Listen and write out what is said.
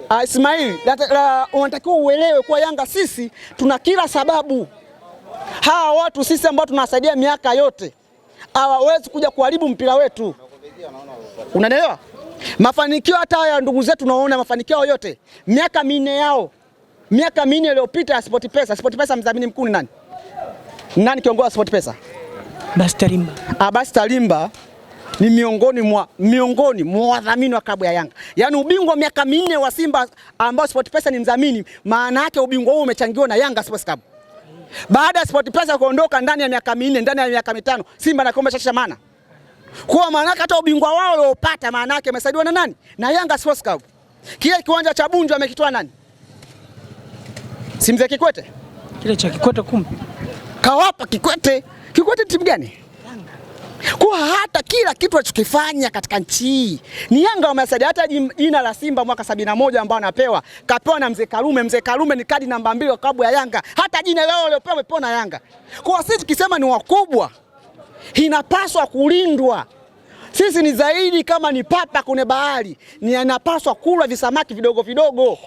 Uh, ah, Ismail, unatakiwa uelewe kuwa Yanga sisi tuna kila sababu. Hawa watu sisi ambao tunawasaidia miaka yote hawawezi kuja kuharibu mpira wetu, unanielewa? Mafanikio hata ya ndugu zetu naona mafanikio yote, miaka minne yao, miaka minne iliyopita ya Sport Pesa mdhamini mkuu ni nani? Nani kiongozi wa SportPesa? Basi Talimba. Ah, basi Talimba ni miongoni mwa miongoni mwa wadhamini wa klabu ya Yanga. Yaani ubingwa miaka minne wa Simba ambao SportPesa ni mdhamini, maana yake ubingwa huo umechangiwa na Yanga Sports Club. Baada ya SportPesa kuondoka ndani ya miaka minne, ndani ya miaka mitano, Simba na kombe cha Shamana. Kwa maana hata ubingwa wao waliopata maana yake umesaidiwa na nani? Na Yanga Sports Club. Kile kiwanja cha Bunju amekitoa nani? Si mzee Kikwete? Kile cha Kikwete kumbe. Kawapa Kikwete. Kikwete timu gani? Yanga kuwa hata kila kitu alichokifanya katika nchi hii ni Yanga wamesaidia. Hata jina la Simba mwaka sabini na moja ambao anapewa kapewa na mzee Karume. Mzee Karume ni kadi namba mbili wa klabu ya Yanga, hata jina lao waliopewa amepewa na Yanga. Kwa sisi tukisema ni wakubwa, inapaswa kulindwa. Sisi ni zaidi, kama ni papa kune bahari, ni anapaswa kula visamaki vidogo vidogo.